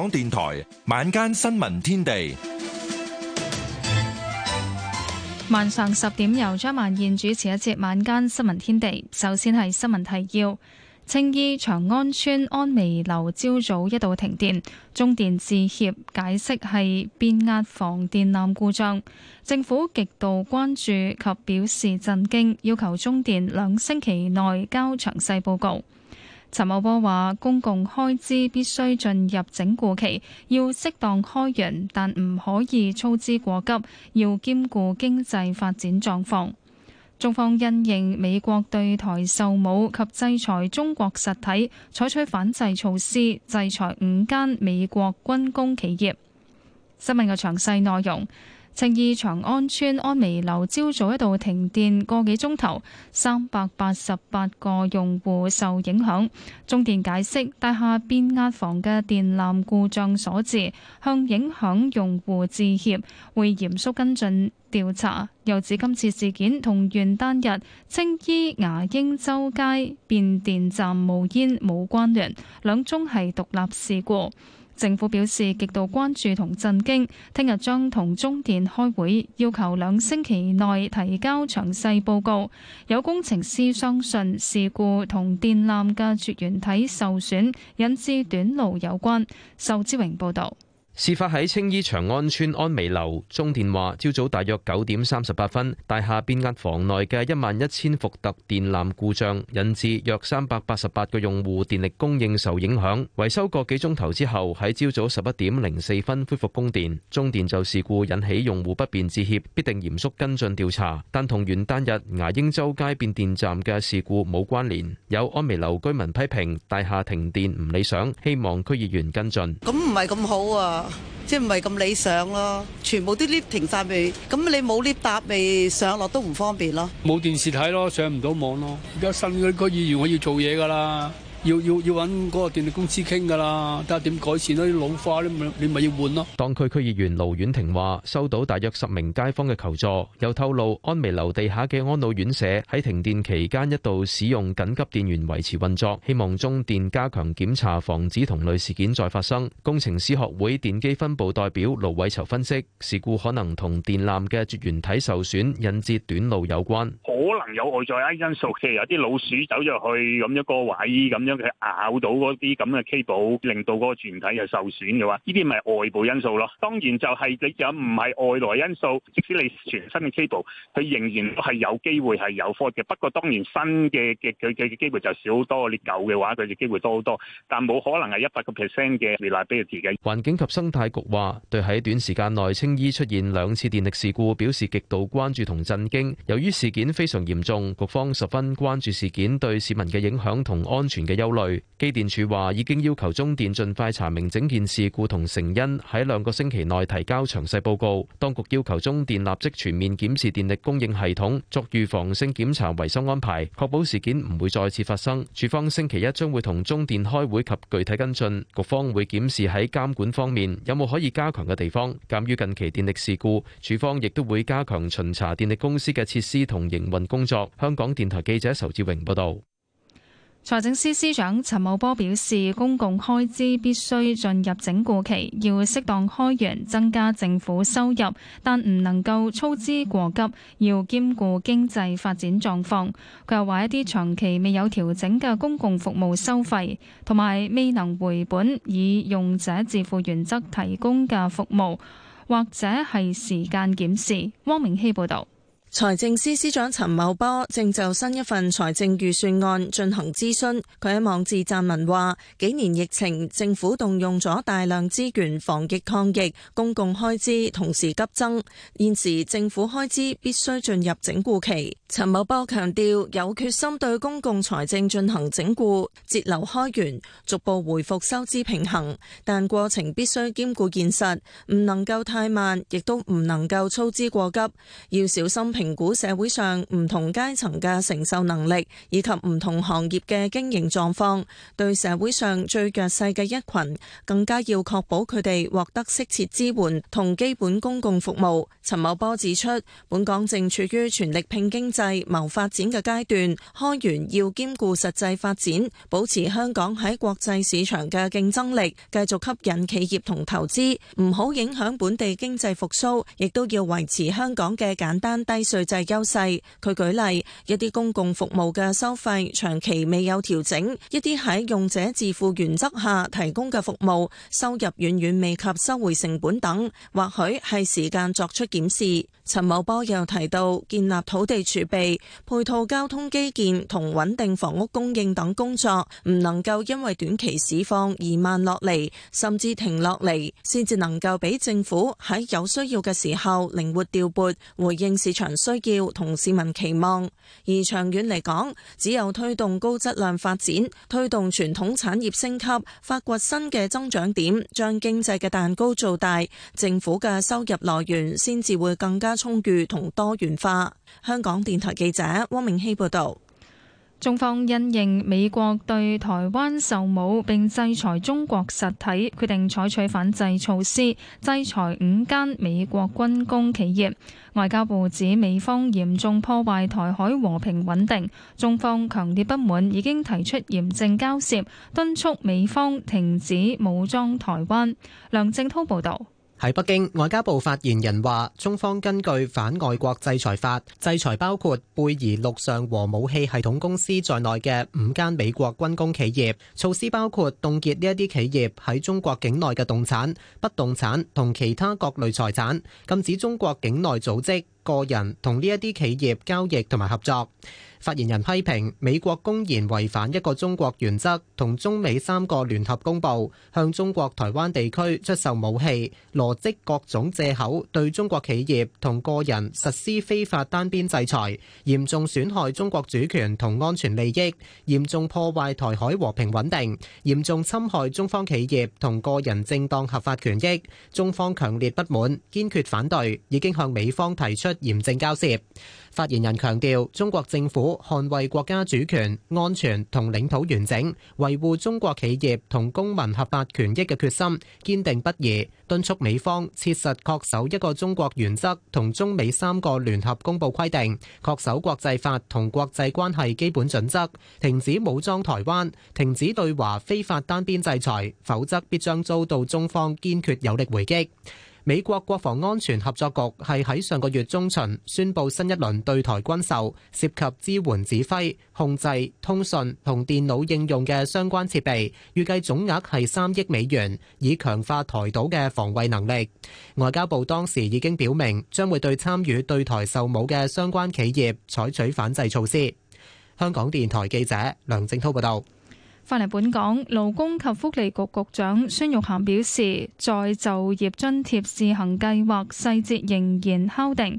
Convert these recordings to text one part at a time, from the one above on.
港電台晚間新聞天地，晚上十點由張曼燕主持一節晚間新聞天地。首先係新聞提要：青衣長安村安眉樓朝早一度停電，中電致歉解釋係變壓房電纜故障。政府極度關注及表示震驚，要求中電兩星期內交詳細報告。陳茂波話：公共開支必須進入整固期，要適當開源，但唔可以操之過急，要兼顧經濟發展狀況。中方因應美國對台售武及制裁中國實體，採取反制措施，制裁五間美國軍工企業。新聞嘅詳細內容。青衣長安邨安湄樓朝早一度停電個幾鐘頭，三百八十八個用戶受影響。中電解釋大廈變壓房嘅電纜故障所致，向影響用戶致歉，會嚴肅跟進調查。又指今次事件同元旦日青衣牙鷹洲街變電站冒煙冇關聯，兩宗係獨立事故。政府表示極度關注同震驚，聽日將同中電開會，要求兩星期內提交詳細報告。有工程師相信事故同電纜嘅絕緣體受損引致短路有關，仇之榮報道。事發喺青衣長安村安美樓，中電話朝早大約九點三十八分，大廈變壓房內嘅一萬一千伏特電纜故障，引致約三百八十八個用戶電力供應受影響。維修過幾鐘頭之後，喺朝早十一點零四分恢復供電。中電就事故引起用戶不便致歉，必定嚴肅跟進調查，但同元旦日牙英洲街變電站嘅事故冇關聯。有安美樓居民批評大廈停電唔理想，希望區議員跟進。咁唔係咁好啊！即係唔係咁理想咯，全部啲 lift 停曬未，咁你冇 lift 搭未上落都唔方便咯，冇電視睇咯，上唔到網咯，而家新嗰個議員我要做嘢㗎啦。要要要搵嗰個電力公司傾噶啦，睇下點改善咯，啲老化啲咪你咪要換咯。當區區議員盧婉婷話收到大約十名街坊嘅求助，又透露安眉樓地下嘅安老院舍喺停電期間一度使用緊急電源維持運作，希望中電加強檢查，防止同類事件再發生。工程師學會電機分部代表盧偉籌分析，事故可能同電纜嘅絕緣體受損引致短路有關，可能有外在因素，譬如有啲老鼠走入去咁一個位咁，將佢咬到嗰啲咁嘅 cable，令到嗰個船體係受損嘅話，呢啲咪外部因素咯。當然就係你有唔係外來因素，即使你全新嘅 cable，佢仍然都係有機會係有 fault 嘅。不過當然新嘅嘅佢嘅機會就少好多，你舊嘅話佢嘅機會多好多。但冇可能係一百個 percent 嘅依賴俾佢自己。環境及生態局話，對喺短時間內青衣出現兩次電力事故表示極度關注同震驚。由於事件非常嚴重，局方十分關注事件對市民嘅影響同安全嘅。憂慮，機電署話已經要求中電盡快查明整件事故同成因，喺兩個星期內提交詳細報告。當局要求中電立即全面檢視電力供應系統，作預防性檢查、維修安排，確保事件唔會再次發生。署方星期一將會同中電開會及具體跟進，局方會檢視喺監管方面有冇可以加強嘅地方。鑒於近期電力事故，署方亦都會加強巡查電力公司嘅設施同營運工作。香港電台記者仇志榮報道。財政司司長陳茂波表示，公共開支必須進入整固期，要適當開源，增加政府收入，但唔能夠操之過急，要兼顧經濟發展狀況。佢又話一啲長期未有調整嘅公共服務收費，同埋未能回本以用者自付原則提供嘅服務，或者係時間檢視。汪明希報道。財政司司長陳茂波正就新一份財政預算案進行諮詢。佢喺網誌撰文話：幾年疫情，政府動用咗大量資源防疫抗疫，公共開支同時急增。現時政府開支必須進入整固期。陳茂波強調，有決心對公共財政進行整固，節流開源，逐步恢復收支平衡。但過程必須兼顧現實，唔能夠太慢，亦都唔能夠操之過急，要小心評估社會上唔同階層嘅承受能力，以及唔同行業嘅經營狀況，對社會上最弱勢嘅一群，更加要確保佢哋獲得適切支援同基本公共服務。陳茂波指出，本港正處於全力拼經濟、謀發展嘅階段，開源要兼顧實際發展，保持香港喺國際市場嘅競爭力，繼續吸引企業同投資，唔好影響本地經濟復甦，亦都要維持香港嘅簡單低稅制優勢，佢舉例，一啲公共服務嘅收費長期未有調整，一啲喺用者自付原則下提供嘅服務收入遠遠未及收回成本等，或許係時間作出檢視。陳茂波又提到，建立土地儲備、配套交通基建同穩定房屋供應等工作，唔能夠因為短期市況而慢落嚟，甚至停落嚟，先至能夠俾政府喺有需要嘅時候靈活調撥，回應市場。需要同市民期望，而長遠嚟講，只有推動高質量發展，推動傳統產業升級，發掘新嘅增長點，將經濟嘅蛋糕做大，政府嘅收入來源先至會更加充裕同多元化。香港電台記者汪明熙報道。中方因應美國對台灣售武並制裁中國實體，決定採取反制措施，制裁五間美國軍工企業。外交部指美方嚴重破壞台海和平穩定，中方強烈不滿，已經提出嚴正交涉，敦促美方停止武裝台灣。梁正滔報導。喺北京，外交部發言人話：中方根據反外國制裁法，制裁包括貝爾陸上和武器系統公司在內嘅五間美國軍工企業。措施包括凍結呢一啲企業喺中國境內嘅動產、不動產同其他各類財產，禁止中國境內組織、個人同呢一啲企業交易同埋合作。發言人批評美國公然違反一個中國原則，同中美三個聯合公報，向中國台灣地區出售武器，羅織各種借口對中國企業同個人實施非法單邊制裁，嚴重損害中國主權同安全利益，嚴重破壞台海和平穩定，嚴重侵害中方企業同個人正當合法權益。中方強烈不滿，堅決反對，已經向美方提出嚴正交涉。發言人強調，中國政府，捍衛國家主權、安全同領土完整，維護中國企業同公民合法權益嘅決心堅定不移，敦促美方切實恪守一個中國原則同中美三個聯合公報規定，恪守國際法同國際關係基本準則，停止武裝台灣，停止對華非法單邊制裁，否則必將遭到中方堅決有力回擊。美國國防安全合作局係喺上個月中旬宣布新一輪對台軍售，涉及支援、指揮、控制、通訊同電腦應用嘅相關設備，預計總額係三億美元，以強化台島嘅防衛能力。外交部當時已經表明，將會對參與對台售武嘅相關企業採取反制措施。香港電台記者梁正滔報道。返嚟本港，勞工及福利局局長孫玉菡表示，再就業津貼試行計劃細節仍然敲定，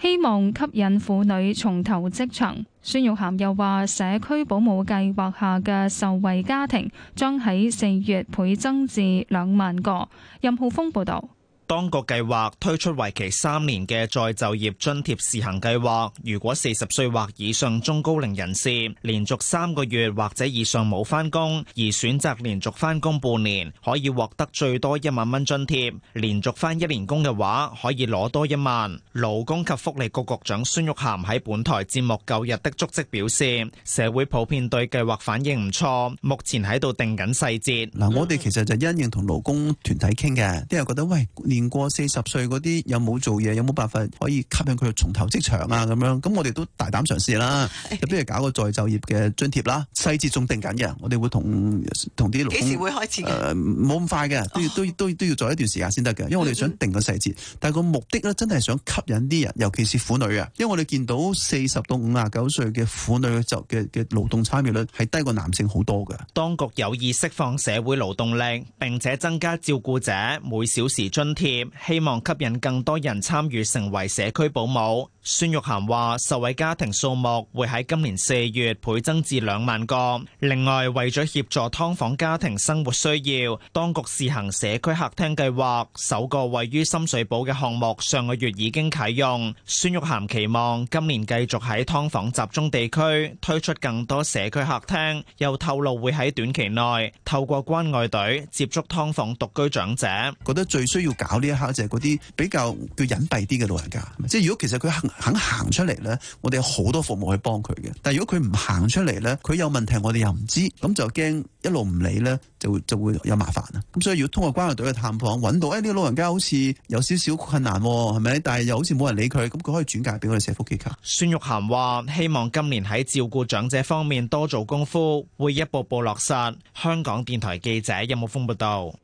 希望吸引婦女重投職場。孫玉菡又話，社區保姆計劃下嘅受惠家庭將喺四月倍增至兩萬個。任浩峰報道。當局計劃推出為期三年嘅再就業津貼試行計劃，如果四十歲或以上中高齡人士連續三個月或者以上冇返工，而選擇連續返工半年，可以獲得最多一萬蚊津貼；連續返一年工嘅話，可以攞多一萬。勞工及福利局局，局長孫玉菡喺本台節目舊日的足跡表示，社會普遍對計劃反應唔錯，目前喺度定緊細節。嗱、嗯，我哋其實就因應同勞工團體傾嘅，啲人覺得喂。年過四十歲嗰啲有冇做嘢？有冇辦法可以吸引佢去重投職場啊？咁樣，咁我哋都大膽嘗試，試啦，就不如搞個再就業嘅津貼啦，細節仲定緊嘅。我哋會同同啲勞幾時會開始冇咁、呃、快嘅、哦，都要都都都要做一段時間先得嘅，因為我哋想定個細節。嗯、但係個目的咧，真係想吸引啲人，尤其是婦女啊，因為我哋見到四十到五十九歲嘅婦女嘅就嘅嘅勞動參與率係低過男性好多嘅。當局有意釋放社會勞動力，並且增加照顧者每小時津貼。希望吸引更多人參與成為社區保姆。孫玉菡話，受惠家庭數目會喺今年四月倍增至兩萬個。另外，為咗協助劏房家庭生活需要，當局試行社區客廳計劃。首個位於深水埗嘅項目上個月已經啟用。孫玉菡期望今年繼續喺劏房集中地區推出更多社區客廳。又透露會喺短期內透過關愛隊接觸劏房獨居長者，覺得最需要搞。呢一刻就係嗰啲比較叫隱蔽啲嘅老人家，即係如果其實佢肯肯行出嚟咧，我哋有好多服務去幫佢嘅。但係如果佢唔行出嚟咧，佢有問題，我哋又唔知，咁就驚一路唔理咧，就會就會有麻煩啊。咁所以如果通過關愛隊嘅探訪，揾到誒呢個老人家好似有少少困難啊，係咪？但係又好似冇人理佢，咁佢可以轉介俾我哋社福機構。孫玉涵話：希望今年喺照顧長者方面多做功夫，會一步步落實。香港電台記者任木峰報道。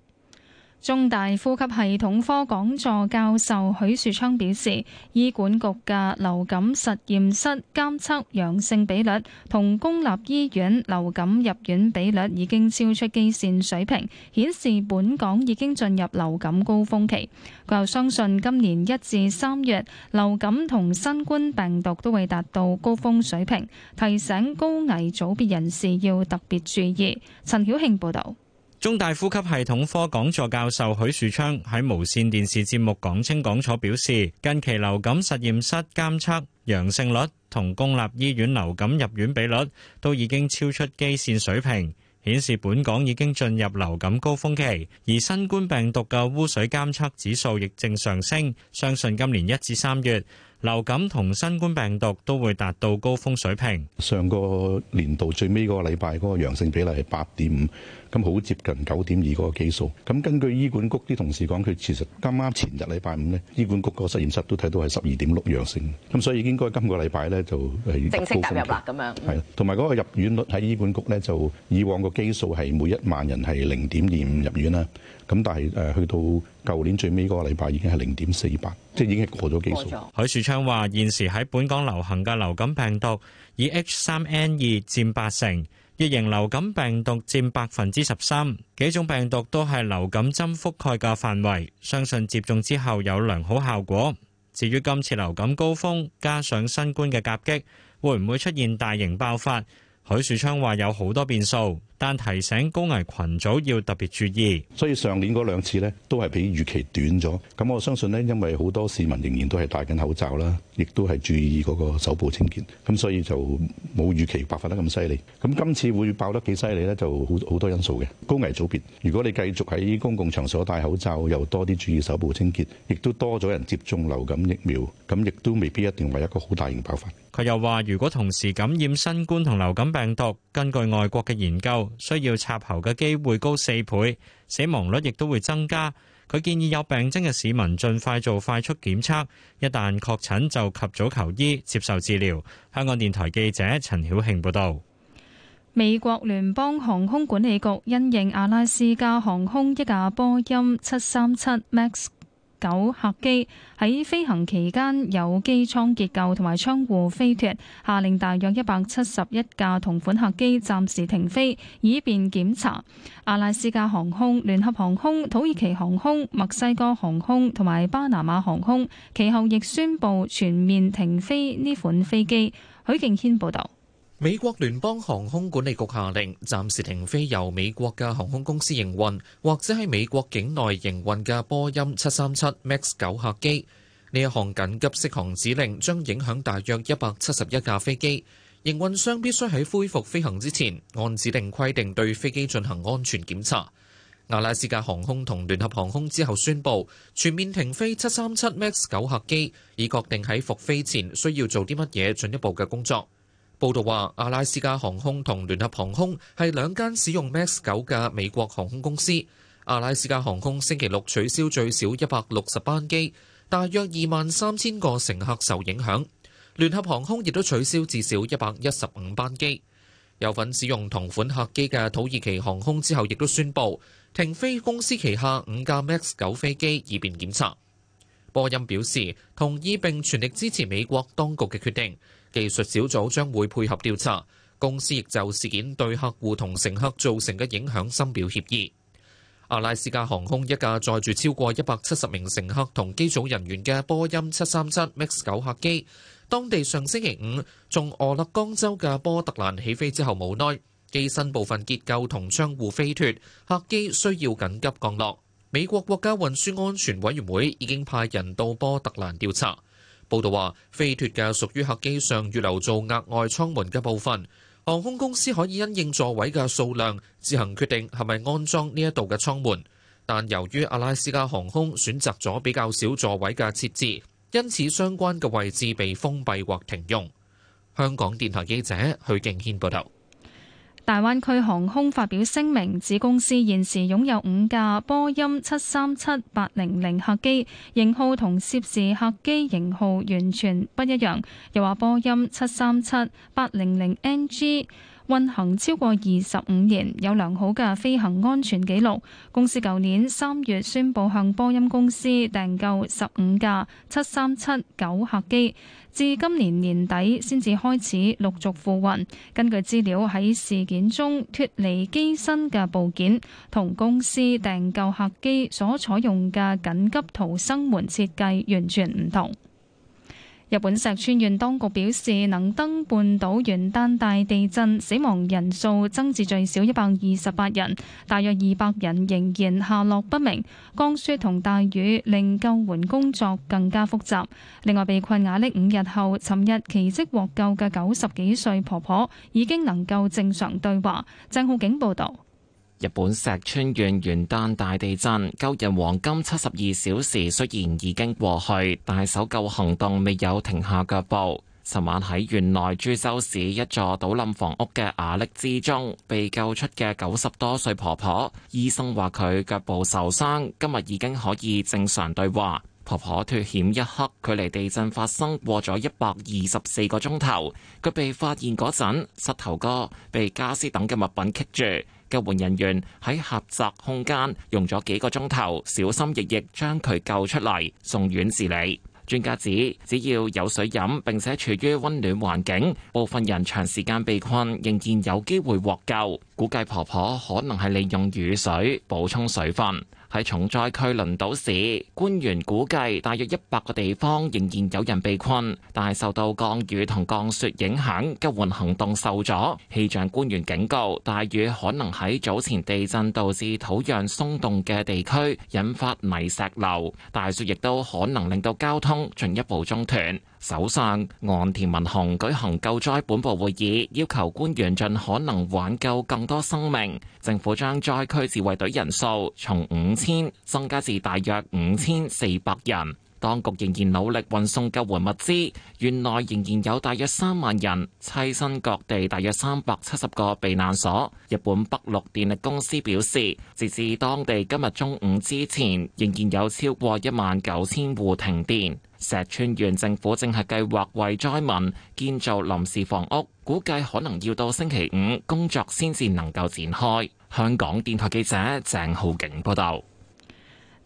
中大呼吸系統科講座教授許樹昌表示，醫管局嘅流感實驗室監測陽性比率同公立醫院流感入院比率已經超出基線水平，顯示本港已經進入流感高峰期。佢又相信今年一至三月流感同新冠病毒都會達到高峰水平，提醒高危組別人士要特別注意。陳曉慶報道。中大呼吸系統科講座教授許樹昌喺無綫電視節目講清講楚表示，近期流感實驗室監測陽性率同公立醫院流感入院比率都已經超出基線水平，顯示本港已經進入流感高峰期，而新冠病毒嘅污水監測指數亦正上升，相信今年一至三月，流感同新冠病毒都會達到高峰水平。上個年度最尾嗰個禮拜嗰個陽性比例係八點五，咁好接近九點二嗰個基數。咁根據醫管局啲同事講，佢其實啱啱前日禮拜五呢，醫管局個實驗室都睇到係十二點六陽性。咁所以應該今個禮拜咧就係、係、正式踏入啦，咁樣。係同埋嗰個入院率喺醫管局咧，就以往個基數係每一萬人係零點二五入院啦。咁但係誒去到舊年最尾嗰個禮拜已經係零點四八，即係已經係過咗基數。許樹昌話：現時喺本港流行嘅流感病毒以 H 三 N 二佔八成，乙型流感病毒佔百分之十三，幾種病毒都係流感針覆蓋嘅範圍，相信接種之後有良好效果。至於今次流感高峰加上新冠嘅夾擊，會唔會出現大型爆發？許樹昌話有好多變數。但提醒高危群組要特別注意，所以上年嗰兩次咧都係比預期短咗。咁我相信咧，因為好多市民仍然都係戴緊口罩啦，亦都係注意嗰個手部清潔，咁所以就冇預期爆發得咁犀利。咁今次會爆得幾犀利咧，就好好多因素嘅高危組別。如果你繼續喺公共場所戴口罩，又多啲注意手部清潔，亦都多咗人接種流感疫苗，咁亦都未必一定係一個好大型爆發。佢又話：如果同時感染新冠同流感病毒，根據外國嘅研究，需要插喉嘅機會高四倍，死亡率亦都會增加。佢建議有病徵嘅市民盡快做快速檢測，一旦確診就及早求醫，接受治療。香港電台記者陳曉慶報道。美國聯邦航空管理局因應阿拉斯加航空一架波音七三七 Max 九客機喺飛行期間有機艙結構同埋窗戶飛脱，下令大約一百七十一架同款客機暫時停飛，以便檢查。阿拉斯加航空、聯合航空、土耳其航空、墨西哥航空同埋巴拿馬航空，其後亦宣布全面停飛呢款飛機。許敬軒報導。美國聯邦航空管理局下令暫時停飛由美國嘅航空公司營運或者喺美國境內營運嘅波音七三七 Max 九客機。呢一項緊急適航指令將影響大約一百七十一架飛機。營運商必須喺恢復飛行之前，按指定規定對飛機進行安全檢查。阿拉斯加航空同聯合航空之後宣布全面停飛七三七 Max 九客機，以確定喺復飛前需要做啲乜嘢進一步嘅工作。報道話，阿拉斯加航空同聯合航空係兩間使用 Max 九嘅美國航空公司。阿拉斯加航空星期六取消最少一百六十班機，大約二萬三千個乘客受影響。聯合航空亦都取消至少一百一十五班機。有份使用同款客機嘅土耳其航空之後，亦都宣布停飛公司旗下五架 Max 九飛機，以便檢查。波音表示同意並全力支持美國當局嘅決定。技術小組將會配合調查，公司亦就事件對客戶同乘客造成嘅影響深表歉意。阿拉斯加航空一架載住超過一百七十名乘客同機組人員嘅波音七三七 MAX 九客機，當地上星期五從俄勒岡州嘅波特蘭起飛之後無耐，機身部分結構同窗戶飛脱，客機需要緊急降落。美國國家運輸安全委員會已經派人到波特蘭調查。報道話，飛脱嘅屬於客機上預留做額外艙門嘅部分，航空公司可以因應座位嘅數量，自行決定係咪安裝呢一度嘅艙門。但由於阿拉斯加航空選擇咗比較少座位嘅設置，因此相關嘅位置被封閉或停用。香港電台記者許敬軒報道。大灣區航空發表聲明，指公司現時擁有五架波音七三七八零零客機，型號同涉事客機型號完全不一樣，又話波音七三七八零零 NG。運行超過二十五年，有良好嘅飛行安全記錄。公司舊年三月宣布向波音公司訂購十五架七三七九客機，至今年年底先至開始陸續付運。根據資料，喺事件中脫離機身嘅部件，同公司訂購客機所採用嘅緊急逃生門設計完全唔同。日本石川縣當局表示，能登半島元旦大地震死亡人數增至最少一百二十八人，大約二百人仍然下落不明。降雪同大雨令救援工作更加複雜。另外，被困瓦礫五日後，尋日奇蹟獲救嘅九十幾歲婆婆已經能夠正常對話。鄭浩景報道。日本石川縣元旦大地震救人黃金七十二小時雖然已經過去，但搜救行動未有停下腳步。尋晚喺縣內珠洲市一座倒冧房屋嘅瓦礫之中被救出嘅九十多歲婆婆，醫生話佢腳部受傷，今日已經可以正常對話。婆婆脫險一刻，距離地震發生過咗一百二十四個鐘頭，佢被發現嗰陣，膝頭哥被家私等嘅物品棘住。救援人員喺狹窄空間用咗幾個鐘頭，小心翼翼將佢救出嚟，送院治理。專家指，只要有水飲，並且處於温暖環境，部分人長時間被困，仍然有機會獲救。估計婆婆可能係利用雨水補充水分。喺重災區輪島市，官員估計大約一百個地方仍然有人被困，但係受到降雨同降雪影響，救援行動受阻。氣象官員警告，大雨可能喺早前地震導致土壤鬆動嘅地區引發泥石流，大雪亦都可能令到交通進一步中斷。首相岸田文雄舉行救災本部會議，要求官員盡可能挽救更多生命。政府將災區自衛隊人數從五千增加至大約五千四百人。當局仍然努力運送救援物資，園內仍然有大約三萬人棲身各地，大約三百七十個避難所。日本北陸電力公司表示，截至當地今日中午之前，仍然有超過一萬九千戶停電。石川縣政府正係計劃為災民建造臨時房屋，估計可能要到星期五工作先至能夠展開。香港電台記者鄭浩景報道。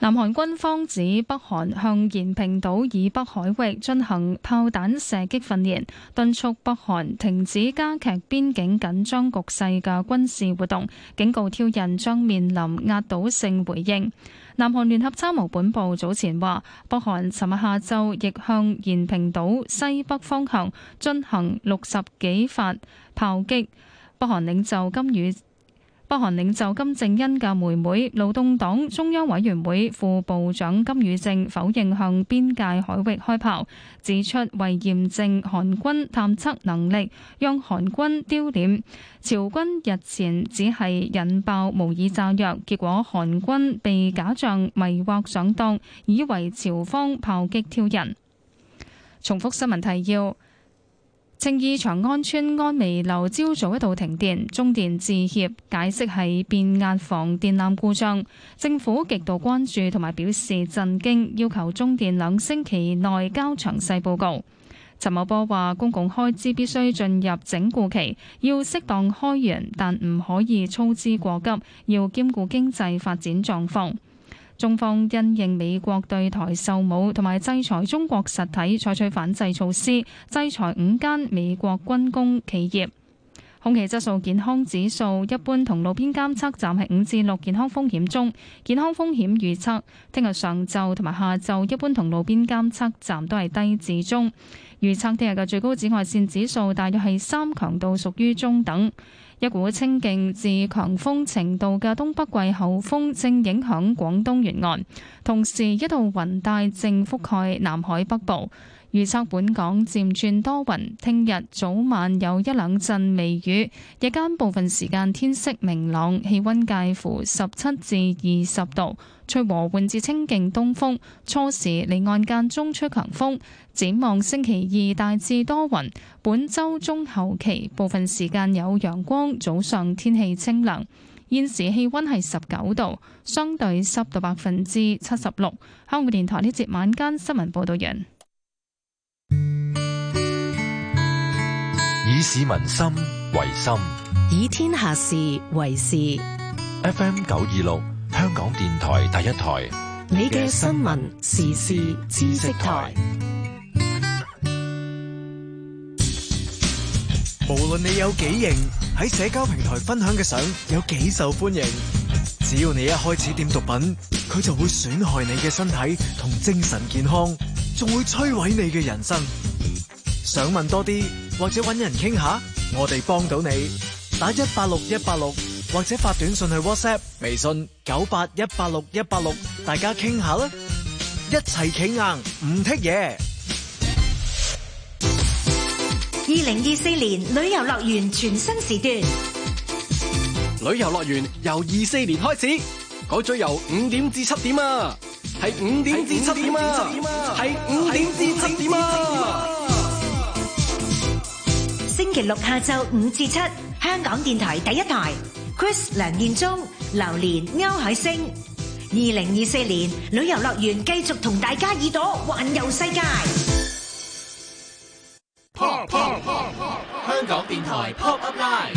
南韓軍方指北韓向延坪島以北海域進行炮彈射擊訓練，敦促北韓停止加劇邊境緊張局勢嘅軍事活動，警告挑釁將面臨壓倒性回應。南韓聯合參謀本部早前話，北韓尋日下晝亦向延坪島西北方向進行六十幾發炮擊。北韓領袖金宇。北韓領袖金正恩嘅妹妹、勞動黨中央委員會副部長金與正否認向邊界海域開炮，指出為驗證韓軍探測能力，讓韓軍丟臉。朝軍日前只係引爆模擬炸藥，結果韓軍被假象迷惑上當，以為朝方炮擊挑釁。重複新聞提要。青衣長安村安湄樓朝早一度停電，中電致歉解釋係變壓房電纜故障。政府極度關注同埋表示震驚，要求中電兩星期內交詳細報告。陳茂波話：公共開支必須進入整固期，要適當開源，但唔可以操之過急，要兼顧經濟發展狀況。中方因應美國對台售武同埋制裁中國實體，採取反制措施，制裁五間美國軍工企業。空氣質素健康指數一般同路邊監測站係五至六，健康風險中。健康風險預測聽日上晝同埋下晝一般同路邊監測站都係低至中。預測聽日嘅最高紫外線指數大約係三強度，屬於中等。一股清勁至強風程度嘅東北季候風正影響廣東沿岸，同時一道雲帶正覆蓋南海北部。預測本港漸轉多雲，聽日早晚有一兩陣微雨，日間部分時間天色明朗，氣溫介乎十七至二十度，吹和緩至清勁東風，初時離岸間中吹強風。展望星期二大致多雲，本周中後期部分時間有陽光，早上天氣清涼。現時氣溫係十九度，相對濕度百分之七十六。香港電台呢節晚間新聞報道完。以市民心為心，以天下事為事。FM 九二六，香港電台第一台，你嘅新聞時事知識台。無論你有幾型喺社交平台分享嘅相有幾受歡迎，只要你一開始掂毒品，佢就會損害你嘅身體同精神健康。仲會摧毀你嘅人生，想問多啲或者揾人傾下，我哋幫到你，打一八六一八六或者發短信去 WhatsApp、微信九八一八六一八六，大家傾下啦，一齊企硬唔剔嘢。二零二四年旅遊樂園全新時段，旅遊樂園由二四年開始改咗由五點至七點啊。係五點至七點啊！係五點至七點啊！星期六下晝五至七，香港電台第一台，Chris 梁建宗、榴槤、歐海星，二零二四年旅遊樂園繼續同大家耳朵環遊世界。Pop Pop Pop Pop，香港電台 Pop Up Live，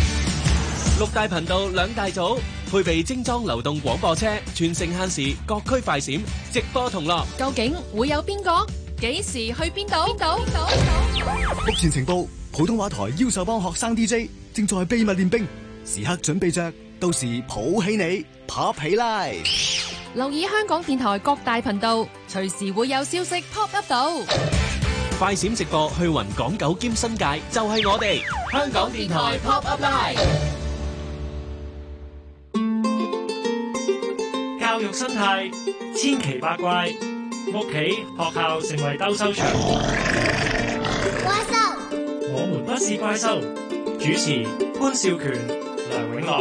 六大頻道兩大組。配備精裝流動廣播車，全城限時，各區快閃，直播同樂。究竟會有邊個？幾時去邊度？邊度？邊度？目前情報：普通話台要求幫學生 DJ 正在秘密練兵，時刻準備着，到時抱起你，pop 起嚟。留意香港電台各大頻道，隨時會有消息 pop up 到。快閃直播去雲港九兼新界，就係、是、我哋香港電台 pop up live 生態千奇百怪，屋企學校成為鬥獸場。怪獸塑，我們不是怪獸。主持潘兆權、梁永樂。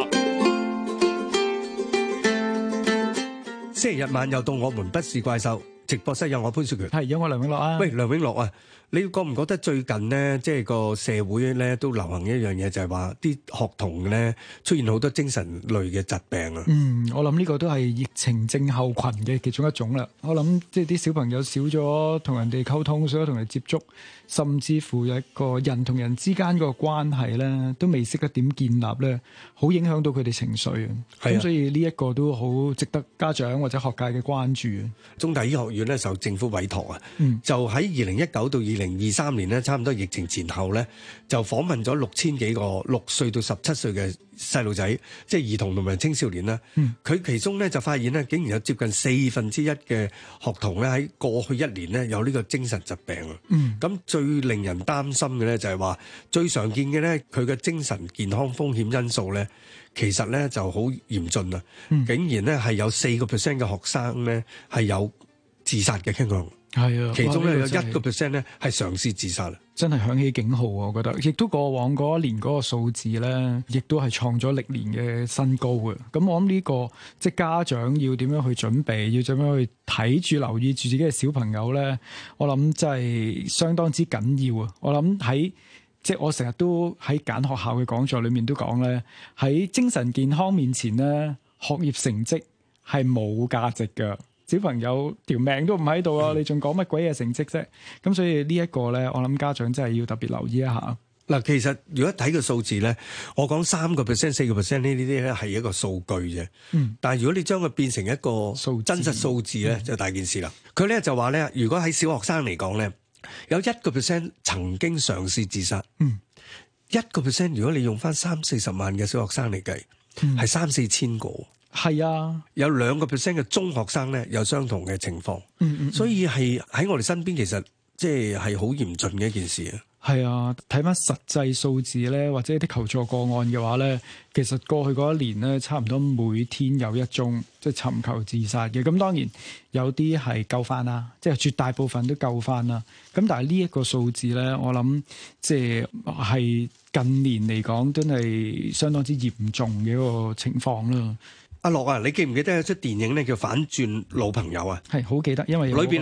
星期日晚又到我們不是怪獸直播室，有我潘兆權，係有我梁永樂啊。喂，梁永樂啊。你覺唔覺得最近呢，即係個社會咧都流行一樣嘢，就係話啲學童咧出現好多精神類嘅疾病啊？嗯，我諗呢個都係疫情症候群嘅其中一種啦。我諗即係啲小朋友少咗同人哋溝通，少咗同人接觸，甚至乎一個人同人之間個關係咧都未識得點建立咧，好影響到佢哋情緒啊。咁的所以呢一個都好值得家長或者學界嘅關注。中大醫學院咧受政府委託啊，嗯、就喺二零一九到二零二三年咧，差唔多疫情前後咧，就訪問咗六千幾個六歲到十七歲嘅細路仔，即係兒童同埋青少年啦。佢、嗯、其中咧就發現咧，竟然有接近四分之一嘅學童咧喺過去一年咧有呢個精神疾病。咁、嗯、最令人擔心嘅咧就係話，最常見嘅咧佢嘅精神健康風險因素咧，其實咧就好嚴峻啊！竟然咧係有四個 percent 嘅學生咧係有自殺嘅傾向。係啊，其中咧有一個 percent 咧係嘗試自殺啦，就是、真係響起警號啊！我覺得，亦都過往嗰一年嗰個數字咧，亦都係創咗歷年嘅新高嘅。咁我諗呢、這個即係、就是、家長要點樣去準備，要點樣去睇住、留意住自己嘅小朋友咧？我諗真係相當之緊要啊！我諗喺即係我成日都喺揀學校嘅講座裏面都講咧，喺精神健康面前咧，學業成績係冇價值㗎。小朋友條命都唔喺度啊！你仲講乜鬼嘢成績啫？咁所以呢一個咧，我諗家長真係要特別留意一下。嗱，其實如果睇個數字咧，我講三個 percent、四個 percent 呢啲咧係一個數據啫。嗯。但係如果你將佢變成一個真實數字咧，就大件事啦。佢咧就話咧，如果喺小學生嚟講咧，有一個 percent 曾經嘗試自殺。嗯。一個 percent，如果你用翻三四十萬嘅小學生嚟計，係三四千個。係啊，2 有兩個 percent 嘅中學生咧，有相同嘅情況，嗯嗯嗯，所以係喺我哋身邊，其實即係係好嚴峻嘅一件事啊。係啊，睇翻實際數字咧，或者啲求助個案嘅話咧，其實過去嗰一年咧，差唔多每天有一宗即係尋求自殺嘅。咁當然有啲係救翻啦，即係絕大部分都救翻啦。咁但係呢一個數字咧，我諗即係係近年嚟講，真係相當之嚴重嘅一個情況啦。阿樂啊，你記唔記得有出電影咧叫《反轉老朋友》啊？係好記得，因為裏邊。